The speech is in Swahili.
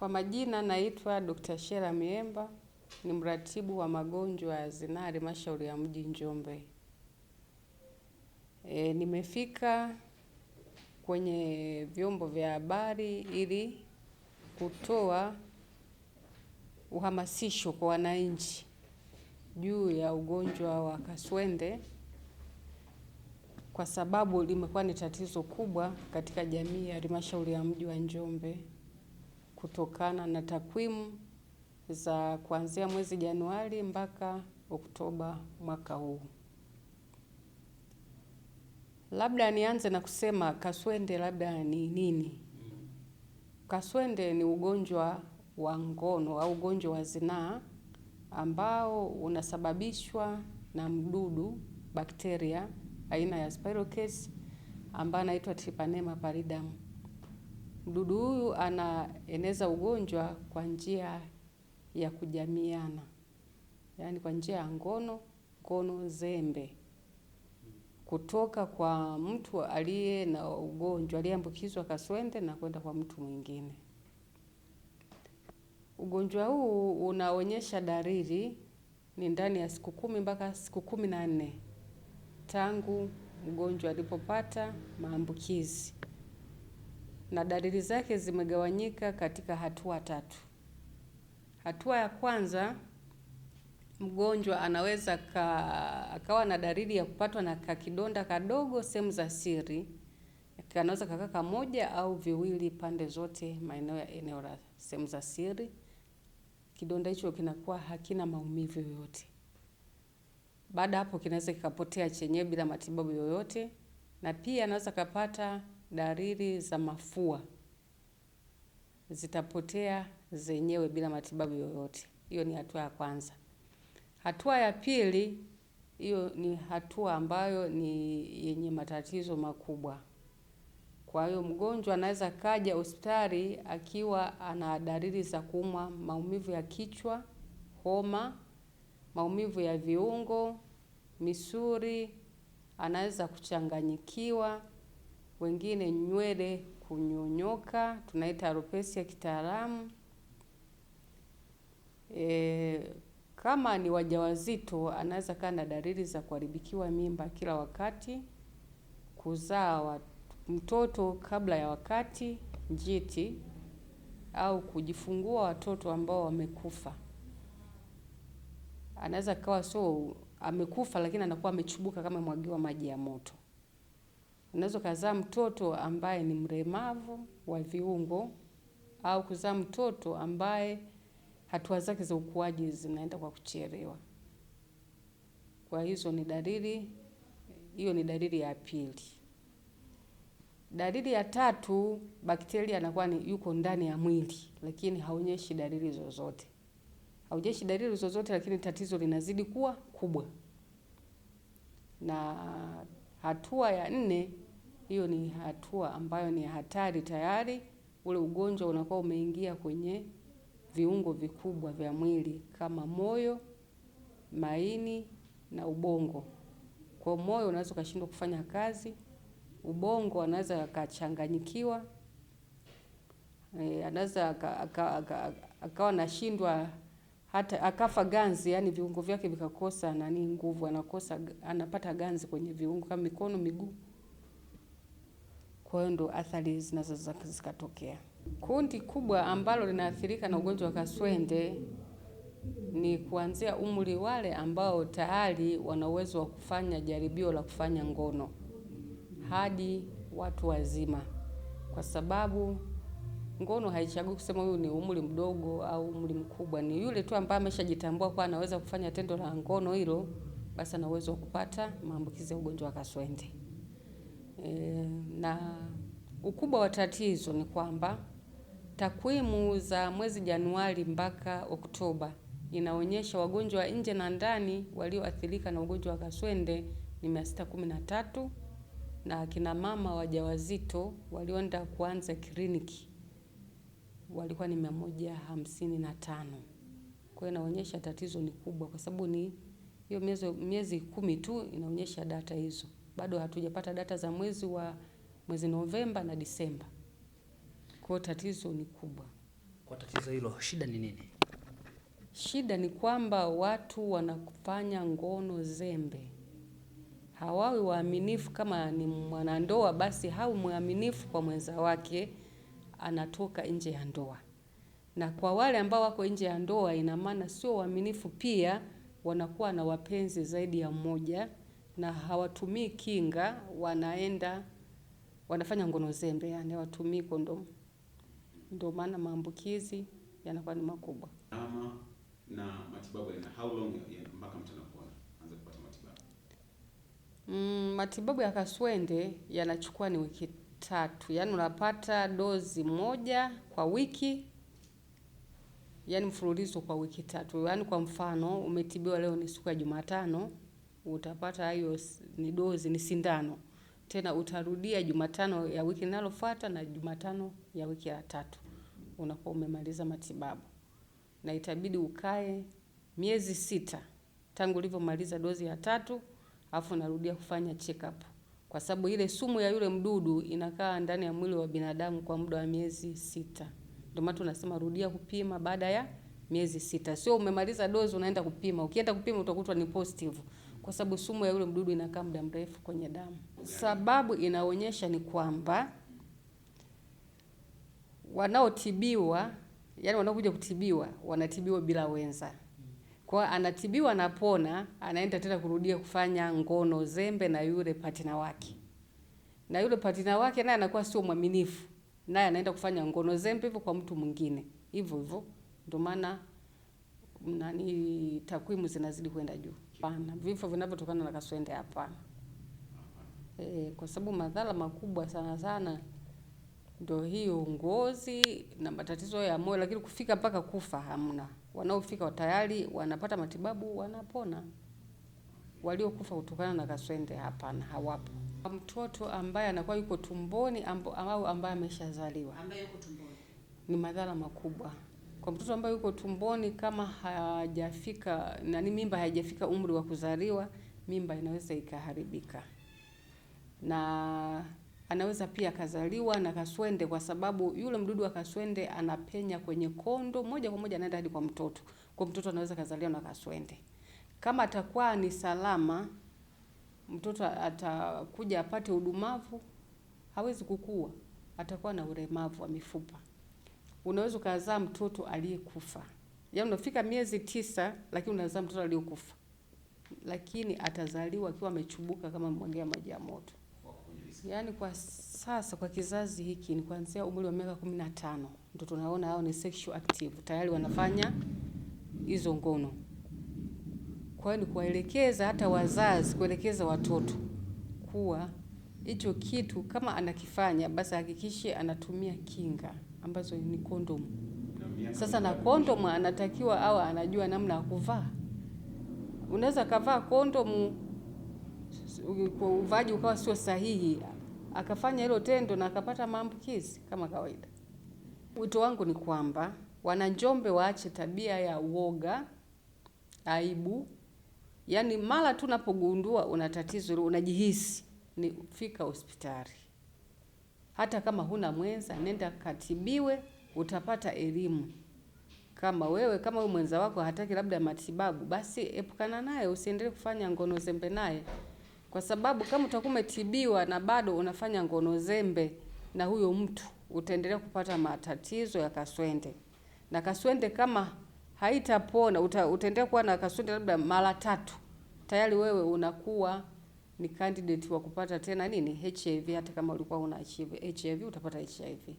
Kwa majina naitwa Dr. Shera Miemba, ni mratibu wa magonjwa ya zinaa halmashauri ya mji Njombe. E, nimefika kwenye vyombo vya habari ili kutoa uhamasisho kwa wananchi juu ya ugonjwa wa kaswende kwa sababu limekuwa ni tatizo kubwa katika jamii ya halmashauri ya mji wa Njombe kutokana na takwimu za kuanzia mwezi Januari mpaka Oktoba mwaka huu. Labda nianze na kusema kaswende labda ni nini? Kaswende ni ugonjwa wa ngono au ugonjwa wa zinaa ambao unasababishwa na mdudu bakteria aina ya Spirochetes ambaye anaitwa Treponema pallidum. Mdudu huyu anaeneza ugonjwa kwa njia ya kujamiana, yaani kwa njia ya ngono, ngono zembe, kutoka kwa mtu aliye na ugonjwa aliyeambukizwa kaswende na kwenda kwa mtu mwingine. Ugonjwa huu unaonyesha dalili ni ndani ya siku kumi mpaka siku kumi na nne tangu mgonjwa alipopata maambukizi na dalili zake zimegawanyika katika hatua tatu. Hatua ya kwanza, mgonjwa anaweza ka, akawa na dalili ya kupatwa na kakidonda kadogo sehemu za siri, kanaweza kakaa kamoja au viwili pande zote maeneo ya eneo la sehemu za siri. Kidonda hicho kinakuwa hakina maumivu yoyote. Baada hapo, kinaweza kikapotea chenyewe bila matibabu yoyote, na pia anaweza kapata dalili za mafua zitapotea zenyewe bila matibabu yoyote. Hiyo ni hatua ya kwanza. Hatua ya pili, hiyo ni hatua ambayo ni yenye matatizo makubwa. Kwa hiyo mgonjwa anaweza kaja hospitali akiwa ana dalili za kuumwa, maumivu ya kichwa, homa, maumivu ya viungo, misuli, anaweza kuchanganyikiwa wengine nywele kunyonyoka, tunaita alopecia kitaalamu. E, kama ni wajawazito anaweza kaa na dalili za kuharibikiwa mimba kila wakati, kuzaa wa mtoto kabla ya wakati njiti, au kujifungua watoto ambao wamekufa. Anaweza kawa sio amekufa, lakini anakuwa amechubuka kama mwagiwa maji ya moto. Unaweza kuzaa mtoto ambaye ni mlemavu wa viungo au kuzaa mtoto ambaye hatua zake za ukuaji zinaenda kwa kuchelewa. Kwa hizo ni dalili, hiyo ni dalili ya pili. Dalili ya tatu, bakteria anakuwa ni yuko ndani ya mwili lakini haonyeshi dalili zozote. Haonyeshi dalili zozote lakini tatizo linazidi kuwa kubwa. Na hatua ya nne hiyo ni hatua ambayo ni hatari tayari. Ule ugonjwa unakuwa umeingia kwenye viungo vikubwa vya mwili kama moyo, maini na ubongo. Kwa moyo unaweza ukashindwa kufanya kazi, ubongo anaweza akachanganyikiwa, e, anaweza akawa nashindwa hata akafa ganzi, yani viungo vyake vikakosa nani, nguvu, anakosa anapata ganzi kwenye viungo kama mikono, miguu. Kwa hiyo ndo athari zinazoweza zikatokea. Kundi kubwa ambalo linaathirika na ugonjwa wa kaswende ni kuanzia umri wale ambao tayari wana uwezo wa kufanya jaribio la kufanya ngono hadi watu wazima, kwa sababu ngono haichagui kusema huyu ni umri mdogo au umri mkubwa. Ni yule tu ambaye ameshajitambua kwa anaweza kufanya tendo la ngono hilo, basi ana uwezo wa kupata maambukizi ya ugonjwa wa kaswende. E, na ukubwa wa tatizo ni kwamba takwimu za mwezi Januari mpaka Oktoba inaonyesha wagonjwa nje na ndani walioathirika na ugonjwa wa kaswende ni mia sita kumi na tatu na akina mama wajawazito walioenda kuanza kliniki walikuwa ni mia moja hamsini na tano. Kwa hiyo inaonyesha tatizo ni kubwa, kwa sababu ni hiyo miezi kumi tu inaonyesha data hizo bado hatujapata data za mwezi wa mwezi Novemba na Disemba. Kwa tatizo ni kubwa. Kwa tatizo hilo, shida ni nini? Shida ni kwamba watu wanakufanya ngono zembe, hawawi waaminifu. Kama ni mwanandoa, basi hau mwaminifu kwa mwenza wake, anatoka nje ya ndoa. Na kwa wale ambao wako nje ya ndoa, ina maana sio waaminifu pia, wanakuwa na wapenzi zaidi ya mmoja na hawatumii kinga, wanaenda wanafanya ngono zembe, yani hawatumii kondomu. Ndio maana maambukizi yanakuwa ni makubwa. na matibabu yana how long mpaka mtu anapona anza kupata matibabu? Mm, matibabu ya kaswende yanachukua ni wiki tatu, yani unapata dozi moja kwa wiki yaani mfululizo kwa wiki tatu. Yaani kwa mfano umetibiwa leo ni siku ya Jumatano utapata hiyo ni dozi, ni sindano tena, utarudia Jumatano ya wiki inalofuata na Jumatano ya wiki ya tatu unakuwa umemaliza matibabu, na itabidi ukae miezi sita tangu ulivyomaliza dozi ya tatu, afu narudia kufanya check up, kwa sababu ile sumu ya yule mdudu inakaa ndani ya mwili wa binadamu kwa muda wa miezi sita. Ndio maana tunasema rudia kupima baada ya miezi sita, sio umemaliza dozi unaenda kupima. Ukienda kupima utakutwa ni positive kwa sababu sumu ya yule mdudu inakaa muda mrefu kwenye damu. Sababu inaonyesha ni kwamba wanaotibiwa, yani wanaokuja kutibiwa wanatibiwa bila wenza kwa anatibiwa na pona, anaenda tena kurudia kufanya ngono zembe na yule patina wake, na yule patina wake naye anakuwa sio mwaminifu, naye anaenda kufanya ngono zembe hivyo kwa mtu mwingine hivyo hivyo. Ndio maana nani, takwimu zinazidi kwenda juu. Hapana, vifo vinavyotokana na kaswende hapana. E, kwa sababu madhara makubwa sana sana ndio hiyo ngozi na matatizo ya moyo, lakini kufika mpaka kufa hamna. Wanaofika tayari wanapata matibabu, wanapona. Waliokufa kutokana na kaswende hapana, hawapo. Mtoto ambaye anakuwa yuko tumboni au ambaye ameshazaliwa, ambaye yuko tumboni, ni madhara makubwa. Kwa mtoto ambaye yuko tumboni kama hajafika nani, mimba haijafika umri wa kuzaliwa, mimba inaweza ikaharibika, na anaweza pia akazaliwa na kaswende, kwa sababu yule mdudu wa kaswende anapenya kwenye kondo moja kwa moja, anaenda hadi kwa mtoto. Kwa mtoto anaweza kazaliwa na kaswende. Kama atakuwa ni salama, mtoto atakuja apate udumavu, hawezi kukua, atakuwa na ulemavu wa mifupa unaweza ukazaa mtoto aliyekufa, yaani unafika miezi tisa, lakini unazaa mtoto aliyekufa, lakini atazaliwa akiwa amechubuka kama mmwagia maji ya moto. Yaani kwa sasa kwa kizazi hiki ni kuanzia umri wa miaka kumi na tano ndio tunaona hao ni sexual active tayari wanafanya hizo ngono. Kwa hiyo ni kuwaelekeza hata wazazi, kuelekeza watoto kuwa hicho kitu kama anakifanya basi hakikishe anatumia kinga ambazo ni kondomu. Sasa na kondomu anatakiwa awa anajua namna ya kuvaa. Unaweza kavaa kondomu uvaji ukawa sio sahihi, akafanya hilo tendo na akapata maambukizi kama kawaida. Wito wangu ni kwamba Wananjombe waache tabia ya uoga, aibu. Yaani mara tu unapogundua una tatizo unajihisi ni fika hospitali. Hata kama huna mwenza, nenda katibiwe, utapata elimu. Kama wewe kama wewe mwenza wako hataki labda matibabu, basi epukana naye, usiendelee kufanya ngono zembe naye, kwa sababu kama utakuwa umetibiwa na bado unafanya ngono zembe na huyo mtu, utaendelea kupata matatizo ya kaswende, na kaswende kama haitapona utaendelea kuwa na kaswende labda mara tatu, tayari wewe unakuwa ni candidate wa kupata tena nini HIV. Hata kama ulikuwa una HIV, utapata HIV.